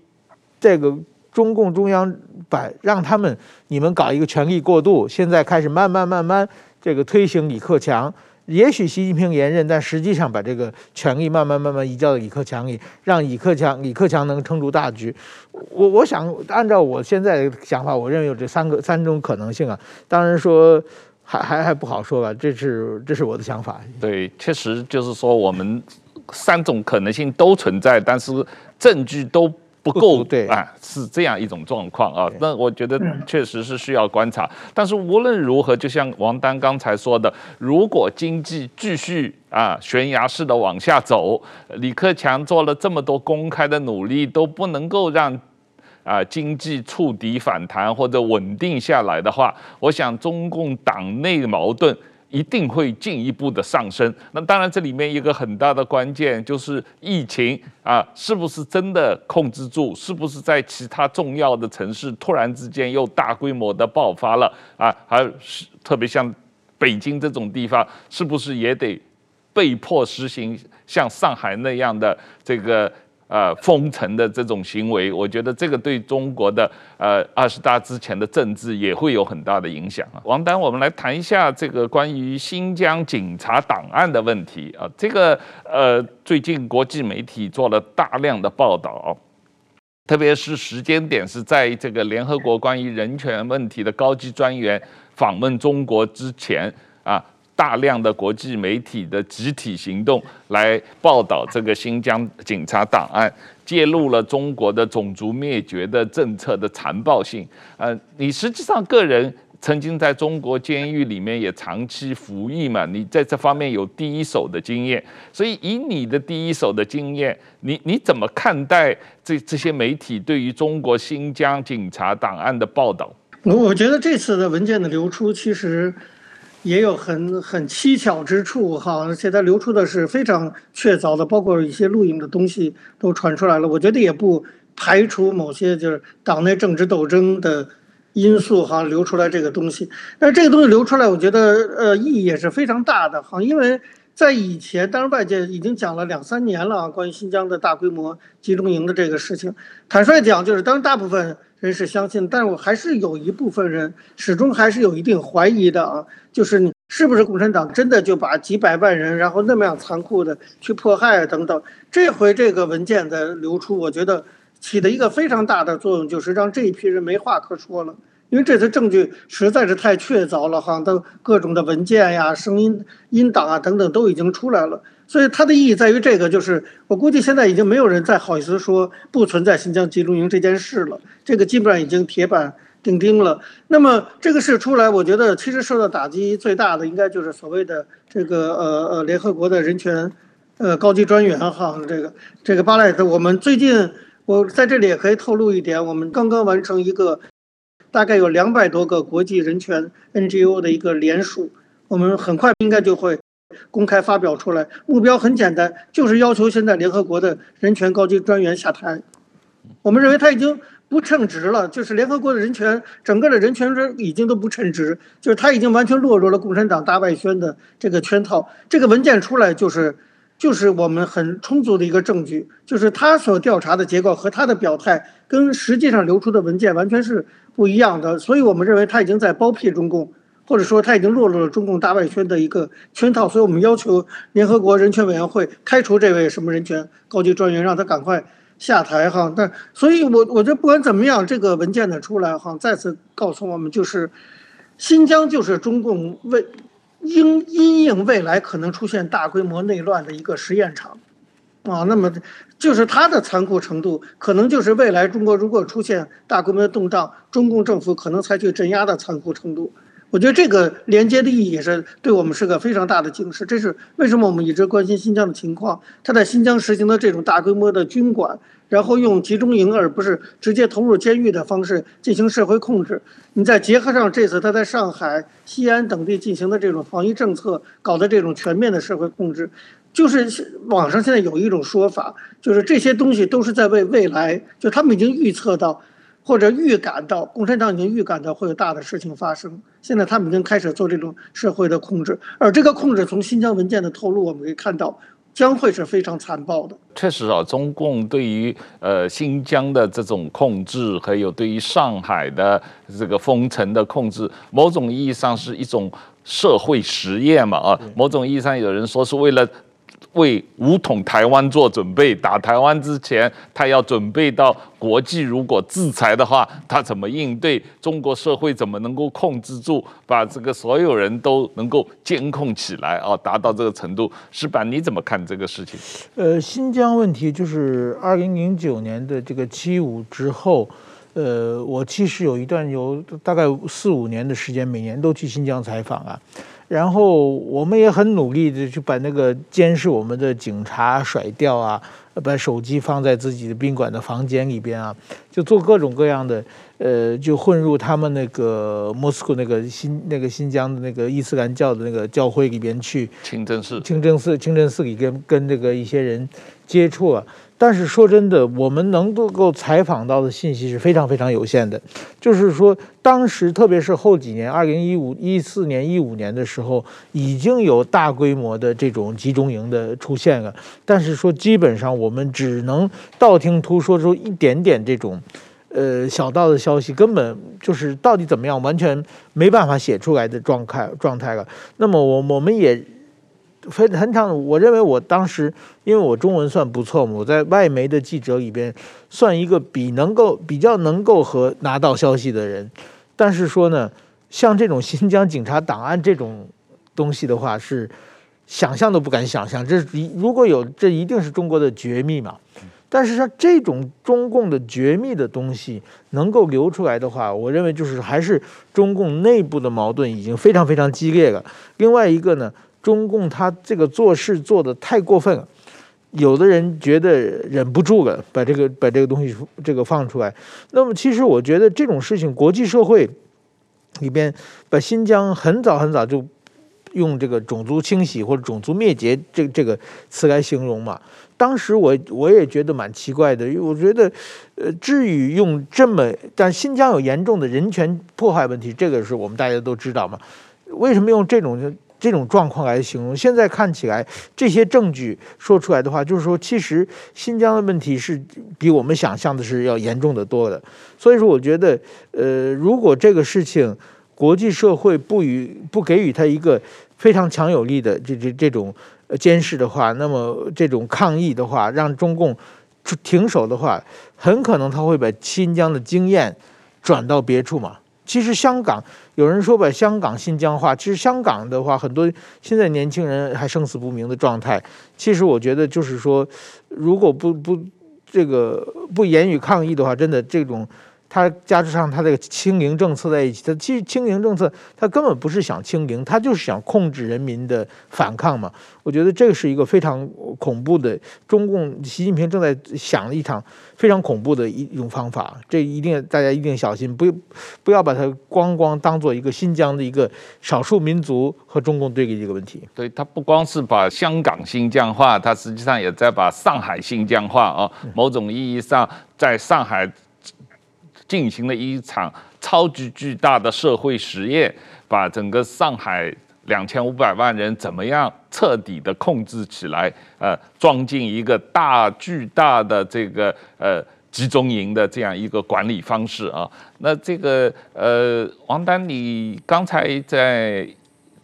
這個中共中央把讓他們你們搞一個權力過渡，現在開始慢慢慢慢這個推行李克強，也許習近平連任，但實際上把這個權力慢慢慢慢移交到李克強裡，讓李克強李克強能撐住大局。我我想按照我現在的想法，我認為有這三個三種可能性啊，當然說還還還不好說吧，這是這是我的想法。對，確實就是說我們三種可能性都存在，但是。證據都不夠對啊，是這樣一種狀況啊。那我覺得確實是需要觀察。對但是無論如何，就像王丹剛才說的，如果經濟繼續啊懸崖式的往下走，李克強做了這麼多公開的努力，都不能夠讓啊經濟觸底反彈或者穩定下來的話，我想中共黨內矛盾，一定會進一步的上升。那當然，這裡面一個很大的關鍵就是疫情啊，是不是真的控制住？是不是在其他重要的城市突然之間又大規模的爆發了啊？還有特別像北京這種地方，是不是也得被迫實行像上海那樣的這個？呃、啊，封城的這種行為，我覺得這個對中國的呃二十大之前的政治也會有很大的影響啊。王丹，我們來談一下這個關於新疆警察檔案的問題啊，這個呃最近國際媒體做了大量的報道，特別是時間點是在這個聯合國關於人權問題的高級專員訪問中國之前啊。大量的國際媒體的集體行動來報道這個新疆警察檔案，揭露了中國的種族滅絕的政策的殘暴性。呃，你實際上個人曾經在中國監獄裡面也長期服役嘛，你在這方面有第一手的經驗。所以以你的第一手的經驗，你你怎麼看待這這些媒體對於中國新疆警察檔案的報道？我我覺得這次的文件的流出其實。也有很很蹊蹺之處，哈，而且它流出的是非常確鑿的，包括一些錄影的東西都傳出來了。我覺得也不排除某些就是黨內政治鬥爭的因素，哈，流出來這個東西。但是這個東西流出來，我覺得呃意義也是非常大的，哈，因為。在以前，當然外界已經講了兩三年了啊，關於新疆的大規模集中營的這個事情。坦率講，就是當大部分人是相信，但是我還是有一部分人始終還是有一定懷疑的啊，就是你是不是共產黨真的就把幾百萬人，然後那麼樣殘酷的去迫害啊？等等。這回這個文件的流出，我覺得起的一個非常大的作用，就是讓這一批人沒話可說了。因為這次證據實在是太確鑿了，哈，都各種的文件呀、聲音、音檔啊等等都已經出來了，所以它的意義在於這個，就是我估計現在已經沒有人再好意思說不存在新疆集中營這件事了，這個基本上已經鐵板釘釘了。那麼這個事出來，我覺得其實受到打擊最大的應該就是所謂的這個呃呃聯合國的人權呃高級專員哈，這個這個巴萊特，我們最近我在這裡也可以透露一點，我們剛剛完成一個。大概有兩百多個國際人權 NGO 的一個聯署，我們很快應該就會公開發表出來。目標很簡單，就是要求現在聯合國的人權高級專員下台。我們認為他已經不稱職了，就是聯合國的人權整個的人權人已經都不稱職，就是他已經完全落入了共產黨大外宣的這個圈套。這個文件出來就是。就是我們很充足的一個證據，就是他所調查的結果和他的表態跟實際上流出的文件完全是不一樣的，所以我們認為他已經在包庇中共，或者說他已經落入了中共大外宣的一個圈套，所以我們要求聯合國人權委員會開除這位什麼人權高級專員，讓他趕快下台哈。但所以我，我我覺得不管怎麼樣，這個文件的出來哈，再次告訴我們就是新疆就是中共為。因因應未來可能出現大規模內亂的一個實驗場，啊，那麼就是它的殘酷程度，可能就是未來中國如果出現大規模的動盪，中共政府可能採取鎮壓的殘酷程度。我覺得這個連接的意義也是，對我們是個非常大的警示。這是為什麼我們一直關心新疆的情況？他在新疆實行的這種大規模的軍管，然後用集中營而不是直接投入監獄的方式進行社會控制。你再結合上這次他在上海、西安等地進行的這種防疫政策，搞的這種全面的社會控制，就是網上現在有一種說法，就是這些東西都是在為未來，就他們已經預測到。或者預感到共產黨已經預感到會有大的事情發生，現在他們已經開始做這種社會的控制，而這個控制從新疆文件的透露，我們可以看到，將會是非常殘暴的。確實啊，中共對於呃新疆的這種控制，還有對於上海的這個封城的控制，某種意義上是一種社會實驗嘛啊，對某種意義上有人說是為了。為武統台灣做準備，打台灣之前，他要準備到國際，如果制裁的話，他怎麼應對？中國社會怎麼能夠控制住，把這個所有人都能夠監控起來啊、哦？達到這個程度，矢板你怎麼看這個事情？呃，新疆問題就是二零零九年的這個七五之後，呃，我其實有一段有大概四五年的時間，每年都去新疆採訪啊。然後我們也很努力的去把那個監視我們的警察甩掉啊，把手機放在自己的賓館的房間裡邊啊，就做各種各樣的，呃，就混入他們那個莫斯科那個新那個新疆的那個伊斯蘭教的那個教會裡邊去清真寺，清真寺，清真寺裡跟跟那個一些人接觸啊。但是說真的，我們能夠夠採訪到的信息是非常非常有限的。就是說，當時特別是後幾年，二零一五、一四年、一五年的時候，已經有大規模的這種集中營的出現了。但是說，基本上我們只能道聽途說出一點點這種，呃，小道的消息，根本就是到底怎麼樣，完全沒辦法寫出來的狀態狀態了。那麼我我們也。非很長，我認為我當時，因為我中文算不錯嘛，我在外媒的記者裡邊算一個比能夠比較能夠和拿到消息的人。但是說呢，像這種新疆警察檔案這種東西的話，是想象都不敢想象。這如果有，這一定是中國的絕密嘛。但是說這種中共的絕密的東西能夠流出來的話，我認為就是還是中共內部的矛盾已經非常非常激烈了。另外一個呢？中共他這個做事做得太過分了，有的人覺得忍不住了，把這個把這個東西這個放出來。那麼其實我覺得這種事情，國際社會裡邊把新疆很早很早就用這個種族清洗或者種族滅絕這個、這個詞來形容嘛。當時我我也覺得蠻奇怪的，因為我覺得，呃，至於用這麼，但新疆有嚴重的人權破壞問題，這個是我們大家都知道嘛。為什麼用這種？這種狀況來形容，現在看起來，這些證據說出來的話，就是說，其實新疆的問題是比我們想象的是要嚴重得多的。所以說，我覺得，呃，如果這個事情，國際社會不予不給予他一個非常強有力的這這這種監視的話，那麼這種抗議的話，讓中共停手的話，很可能他會把新疆的經驗轉到別處嘛。其實香港有人說把，香港新疆化。其實香港的話，很多現在年輕人還生死不明的狀態。其實我覺得就是說，如果不不這個不言語抗議的話，真的這種。他加之上他這個清零政策在一起，他其實清零政策，他根本不是想清零，他就是想控制人民的反抗嘛。我覺得這個是一個非常恐怖的，中共習近平正在想一場非常恐怖的一種方法，這一定大家一定小心，不不要把它光光當做一個新疆的一個少數民族和中共對立這個問題。對他不光是把香港新疆化，他實際上也在把上海新疆化啊、哦。某種意義上，在上海。進行了一場超級巨大的社會實驗，把整個上海兩千五百萬人怎麼樣徹底的控制起來？呃，裝進一個大巨大的這個呃集中營的這樣一個管理方式啊。那這個呃，王丹，你剛才在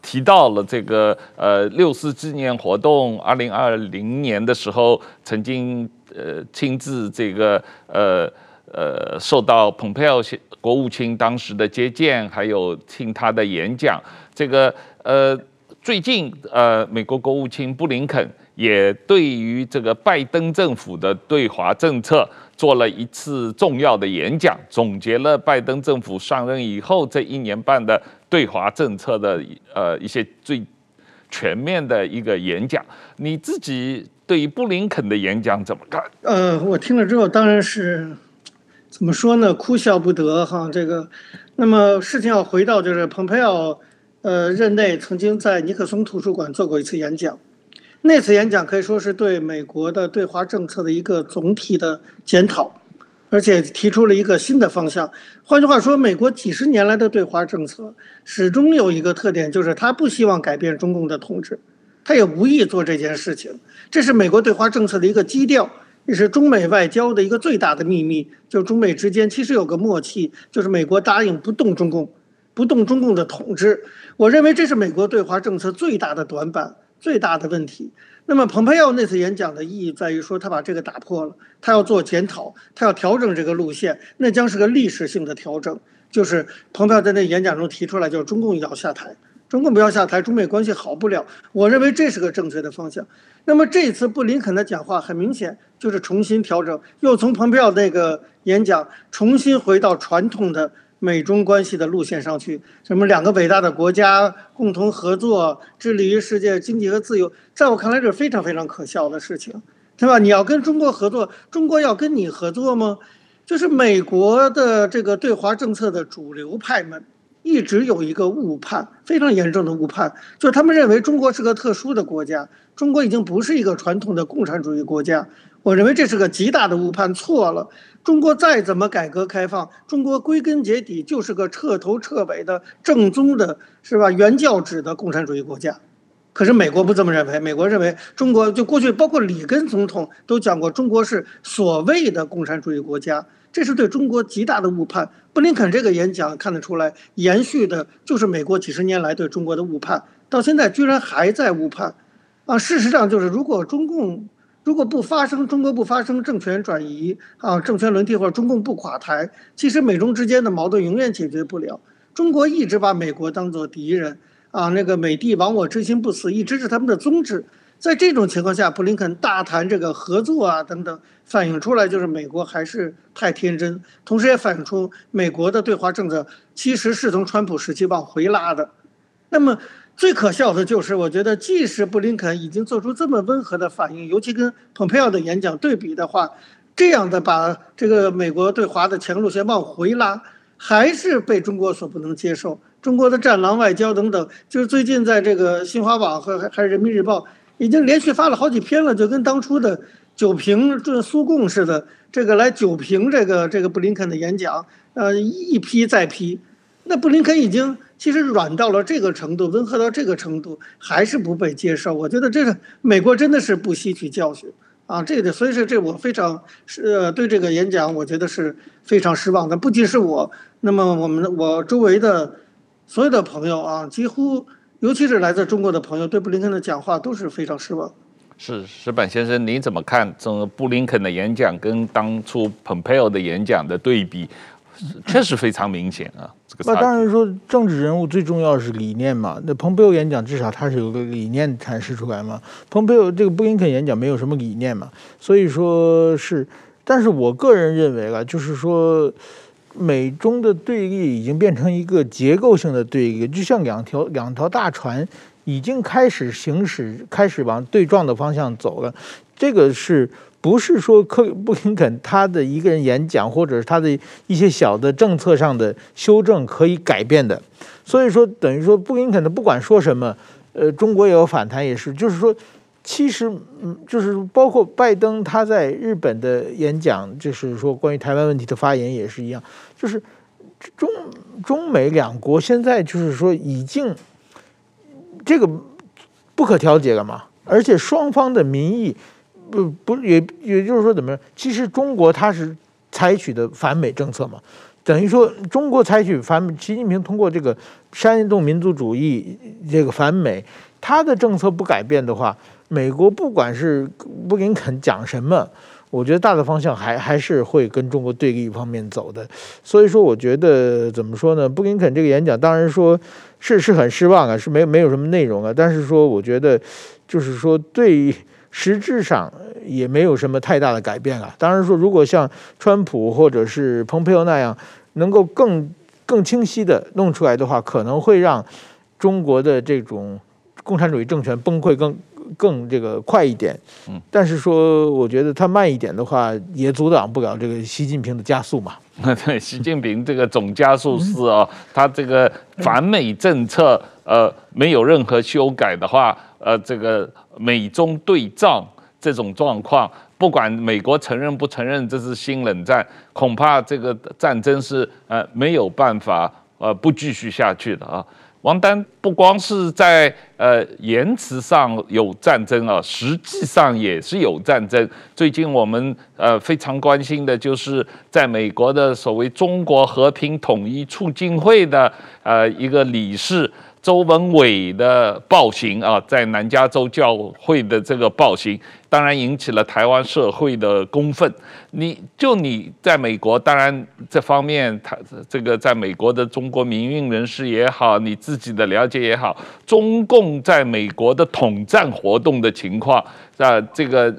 提到了這個呃六四紀念活動，二零二零年的時候曾經呃親自這個呃。呃，受到蓬佩奧國務卿當時的接見，還有聽他的演講。這個呃，最近呃，美國國務卿布林肯也對於這個拜登政府的對華政策做了一次重要的演講，總結了拜登政府上任以後這一年半的對華政策的呃一些最全面的一個演講。你自己對於布林肯的演講怎麼看？呃，我聽了之後，當然是。怎麼說呢？哭笑不得哈，這個。那麼事情要回到，就是蓬佩奧，呃，任內曾經在尼克松圖書館做過一次演講，那次演講可以說是對美國的對華政策的一個總體的檢討，而且提出了一個新的方向。換句話說，美國幾十年來的對華政策始終有一個特點，就是他不希望改變中共的統治，他也無意做這件事情，這是美國對華政策的一個基調。這是中美外交的一個最大的秘密，就是中美之間其實有個默契，就是美國答應不動中共，不動中共的統治。我認為這是美國對華政策最大的短板，最大的問題。那麼，蓬佩奧那次演講的意義在於說他把這個打破了，他要做檢討，他要調整這個路線，那將是個歷史性的調整。就是蓬佩奧在那演講中提出來，就是中共要下台。中共不要下台，中美關係好不了。我認為這是個正確的方向。那麼這次布林肯的講話，很明顯就是重新調整，又從蓬佩奧那個演講重新回到傳統的美中關係的路線上去。什麼兩個偉大的國家共同合作，致力於世界經濟和自由。在我看來，這是非常非常可笑的事情，對吧？你要跟中國合作，中國要跟你合作嗎？就是美國的這個對華政策的主流派們。一直有一個誤判，非常嚴重的誤判，就是他們認為中國是個特殊的國家，中國已經不是一個傳統的共產主義國家。我認為這是個極大的誤判，錯了。中國再怎麼改革開放，中國歸根結底就是個徹頭徹尾的正宗的，是吧？原教旨的共產主義國家。可是美國不這麼認為，美國認為中國就過去包括里根總統都講過，中國是所謂的共產主義國家，這是對中國極大的誤判。布林肯這個演講看得出來，延續的就是美國幾十年來對中國的誤判，到現在居然還在誤判，啊，事實上就是如果中共如果不發生，中國不發生政權轉移啊，政權輪替或者中共不垮台，其實美中之間的矛盾永遠解決不了。中國一直把美國當做敵人。啊，那個美帝亡我之心不死，一直是他們的宗旨。在這種情況下，布林肯大談這個合作啊等等，反映出來就是美國還是太天真，同時也反映出美國的對華政策其實是從川普時期往回拉的。那麼最可笑的就是，我覺得即使布林肯已經做出這麼溫和的反應，尤其跟蓬佩奧的演講對比的話，這樣的把這個美國對華的前路線往回拉，還是被中國所不能接受。中國的戰狼外交等等，就是最近在這個新華網和還是人民日報已經連續發了好幾篇了，就跟當初的九評蘇共似的，這個來九評這個這個布林肯的演講，呃，一批再批，那布林肯已經其實軟到了這個程度，溫和到這個程度，還是不被接受。我覺得這個美國真的是不吸取教訓啊，這個所以說這我非常是呃對這個演講，我覺得是非常失望的。不僅是我，那麼我們我周圍的。所有的朋友啊，幾乎尤其是來自中國的朋友，對布林肯的講話都是非常失望。是矢板先生，你怎麼看這布林肯的演講跟當初蓬佩奧的演講的對比？確實非常明顯啊，嗯、這個。那當然說，政治人物最重要是理念嘛。那蓬佩奧演講至少他是有個理念闡釋出來嘛。蓬佩奧這個布林肯演講沒有什麼理念嘛，所以說是。但是我個人認為啊，就是說。美中的對立已經變成一個結構性的對立，就像兩條兩條大船已經開始行駛，開始往對撞的方向走了。這個是不是說克布林肯他的一個人演講，或者是他的一些小的政策上的修正可以改變的？所以說，等於說布林肯的不管說什麼，呃，中國也有反彈，也是就是說。其實，嗯，就是包括拜登他在日本的演講，就是說關於台灣問題的發言也是一樣，就是中中美兩國現在就是說已經這個不可調節了嘛。而且雙方的民意不不也也就是說，怎麼樣，其實中國它是採取的反美政策嘛，等於說中國採取反美習近平通過這個煽動民族主義這個反美，他的政策不改變的話。美國不管是布林肯講什麼，我覺得大的方向還還是會跟中國對立方面走的。所以說，我覺得怎麼說呢？布林肯這個演講，當然說是，是是很失望啊，是沒沒有什麼內容啊。但是說，我覺得，就是說對實質上也沒有什麼太大的改變啊。當然說，如果像川普或者是蓬佩奧那樣，能夠更更清晰的弄出來的話，可能會讓中國的這種共產主義政權崩潰更。更這個快一點，嗯，但是說，我覺得他慢一點的話，也阻擋不了這個習近平的加速嘛。嗯、對，習近平這個總加速是啊、哦，嗯、他這個反美政策呃沒有任何修改的話，呃，這個美中對仗這種狀況，不管美國承認不承認這是新冷戰，恐怕這個戰爭是呃沒有辦法呃不繼續下去的啊。王丹，不光是在呃言辭上有戰爭啊，實際上也是有戰爭。最近我們呃非常關心的就是在美國的所謂“中國和平統一促進會”的呃一個理事。周文偉的暴行啊，在南加州教會的這個暴行，當然引起了台灣社會的公憤。你就你在美國，當然這方面，他這個在美國的中國民運人士也好，你自己的了解也好，中共在美國的統戰活動的情況啊，這個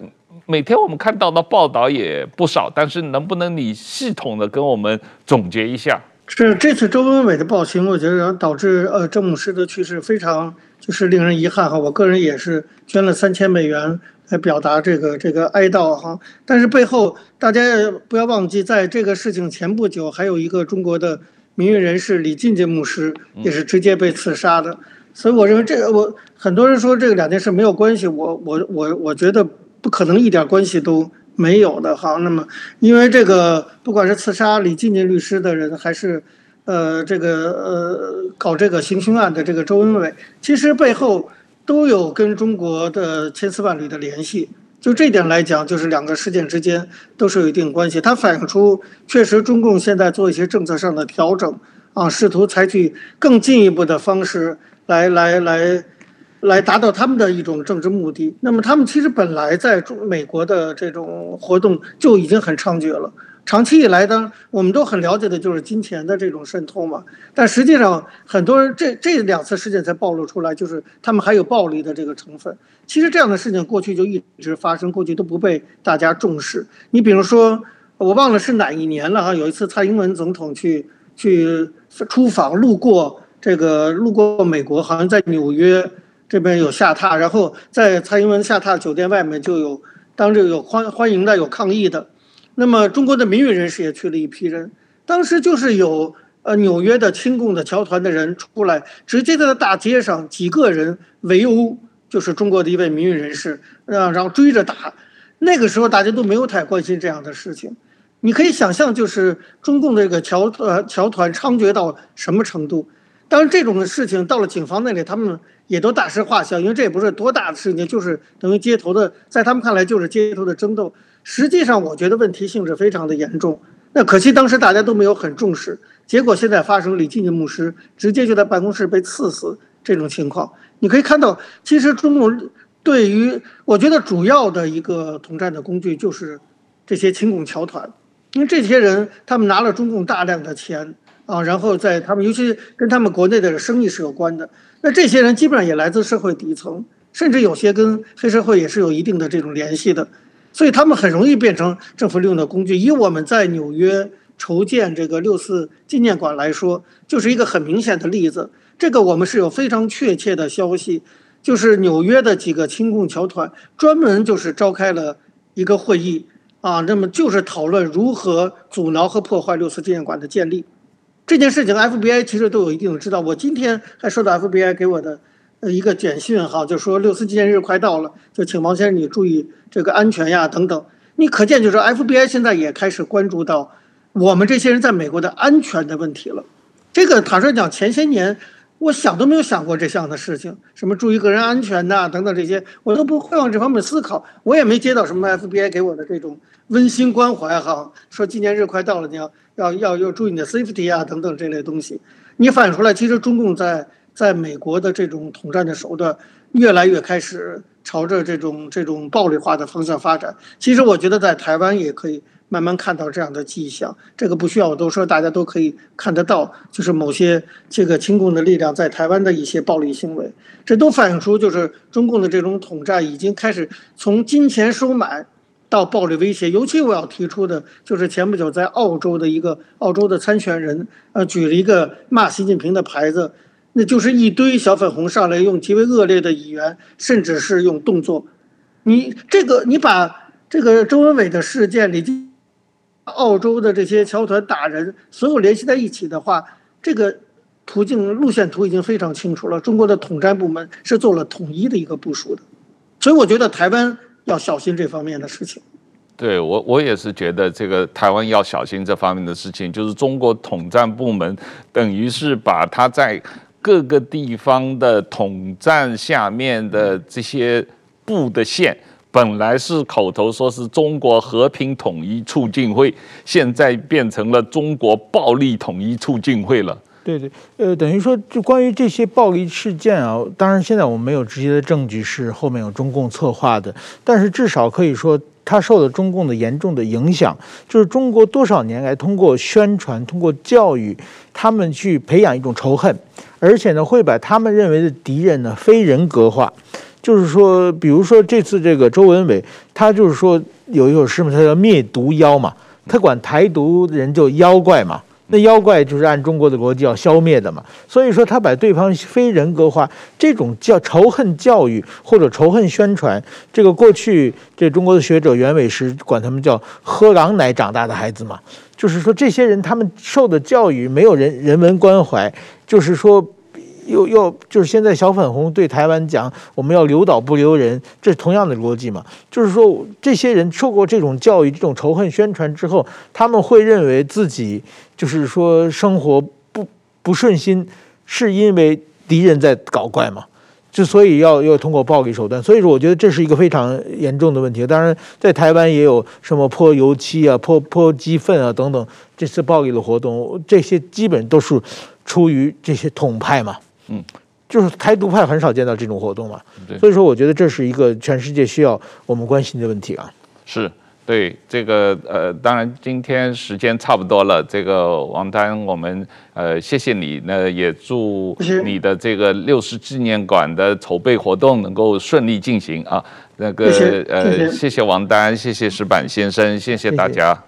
每天我們看到的報道也不少，但是能不能你系統的跟我們總結一下？這這次周文偉的暴行，我覺得導致呃，鄭牧師的去世非常就是令人遺憾哈。我個人也是捐了三千美元來表達這個這個哀悼哈。但是背後大家不要忘記，在這個事情前不久，還有一個中國的民運人士李進杰牧師，也是直接被刺殺的。嗯、所以我認為這個我很多人說這個兩件事沒有關係，我我我我覺得不可能一點關係都。沒有的，好，那麼因為這個，不管是刺殺李進進律師的人，還是，呃，這個呃，搞這個行凶案的這個周文偉，其實背後都有跟中國的千絲萬縷的聯繫。就這點來講，就是兩個事件之間都是有一定關係。它反映出，確實中共現在做一些政策上的調整，啊，試圖採取更進一步的方式來，來來來。來達到他們的一種政治目的。那麼，他們其實本來在中美國的這種活動就已經很猖獗了。長期以來呢，我們都很了解的就是金錢的這種滲透嘛。但實際上，很多人這這兩次事件才暴露出來，就是他們還有暴力的這個成分。其實這樣的事情過去就一直發生，過去都不被大家重視。你比如說，我忘了是哪一年了哈，有一次蔡英文總統去去出訪，路過這個路過美國，好像在紐約。這邊有下榻，然後在蔡英文下榻酒店外面就有當這個歡歡迎的，有抗議的，那麼中國的民運人士也去了一批人。當時就是有呃紐約的親共的僑團的人出來，直接在大街上幾個人圍毆，就是中國的一位民運人士，呃，然後追着打。那個時候大家都沒有太關心這樣的事情，你可以想象就是中共的這個僑呃僑團猖獗到什麼程度。當然，這種的事情到了警方那裡，他們也都大事化小，因為這也不是多大的事情，就是等於街頭的，在他們看來就是街頭的爭鬥。實際上，我覺得問題性質非常的嚴重。那可惜當時大家都沒有很重視，結果現在發生李進進牧師直接就在辦公室被刺死這種情況。你可以看到，其實中共對於我覺得主要的一個統戰的工具就是這些親共僑團，因為這些人他們拿了中共大量的錢。啊，然後在他們，尤其跟他們國內的生意是有關的。那這些人基本上也來自社會底層，甚至有些跟黑社會也是有一定的這種聯繫的，所以他們很容易變成政府利用的工具。以我們在紐約籌建這個六四紀念館來說，就是一個很明顯的例子。這個我們是有非常確切的消息，就是紐約的幾個親共僑團專門就是召開了一個會議啊，那麼就是討論如何阻撓和破壞六四紀念館的建立。這件事情，FBI 其實都有一定的知道。我今天還收到 FBI 給我的一個簡訊，哈，就說六四紀念日快到了，就請王先生你注意這個安全呀等等。你可見就是 FBI 現在也開始關注到我們這些人在美國的安全的問題了。這個坦率講，前些年，我想都沒有想過這項的事情，什麼注意個人安全吶、啊，等等這些，我都不會往這方面思考。我也沒接到什麼 FBI 給我的這種溫馨關懷哈、啊，說紀念日快到了，你要要要要注意你的 safety 啊，等等這類東西。你反映出來，其實中共在在美國的這種統戰的手段，越來越開始朝着這種這種暴力化的方向發展。其實我覺得在台灣也可以。慢慢看到這樣的跡象，這個不需要我多說，大家都可以看得到，就是某些這個親共的力量在台灣的一些暴力行為，這都反映出就是中共的這種統戰已經開始從金錢收買到暴力威脅。尤其我要提出的，就是前不久在澳洲的一個澳洲的參選人，呃，舉了一個罵習近平的牌子，那就是一堆小粉紅上來用極為惡劣的語言，甚至是用動作，你這個你把這個周文偉的事件李。澳洲的這些僑團打人，所有聯繫在一起的話，這個途徑路線圖已經非常清楚了。中國的統戰部門是做了統一的一個部署的，所以我覺得台灣要小心這方面的事情。對，我，我也是覺得這個台灣要小心這方面的事情，就是中國統戰部門等於是把他在各個地方的統戰下面的這些布的線。本來是口頭說是中國和平統一促進會，現在變成了中國暴力統一促進會了。對對，呃，等於說就關於這些暴力事件啊，當然現在我們沒有直接的證據是後面有中共策劃的，但是至少可以說它受了中共的嚴重的影響。就是中國多少年來通過宣傳、通過教育，他們去培養一種仇恨，而且呢，會把他們認為的敵人呢，非人格化。就是說，比如說這次這個周文偉，他就是說有一首詩嘛，他叫滅毒妖嘛，他管台獨的人叫妖怪嘛，那妖怪就是按中國的邏輯要消滅的嘛，所以說他把對方非人格化，這種叫仇恨教育或者仇恨宣傳，這個過去這中國的學者袁偉時管他們叫喝狼奶長大的孩子嘛，就是說這些人他們受的教育沒有人人文關懷，就是說。又又就是現在小粉紅對台灣講，我們要留島不留人，這是同樣的邏輯嘛？就是說，這些人受過這種教育、這種仇恨宣傳之後，他們會認為自己就是說生活不不順心，是因為敵人在搞怪嘛？之所以要要通過暴力手段，所以說我覺得這是一個非常嚴重的問題。當然，在台灣也有什麼潑油漆啊、潑潑雞糞啊等等，這次暴力的活動，這些基本都是出於這些統派嘛。嗯，就是台獨派很少見到這種活動嘛，對所以說我覺得這是一個全世界需要我們關心的問題啊。是，對這個呃，當然今天時間差不多了，這個王丹我們呃謝謝你，那、呃、也祝你的這個六四紀念館的籌備活動能夠順利進行啊。那個呃，謝謝王丹，謝謝矢板先生，謝謝大家。謝謝。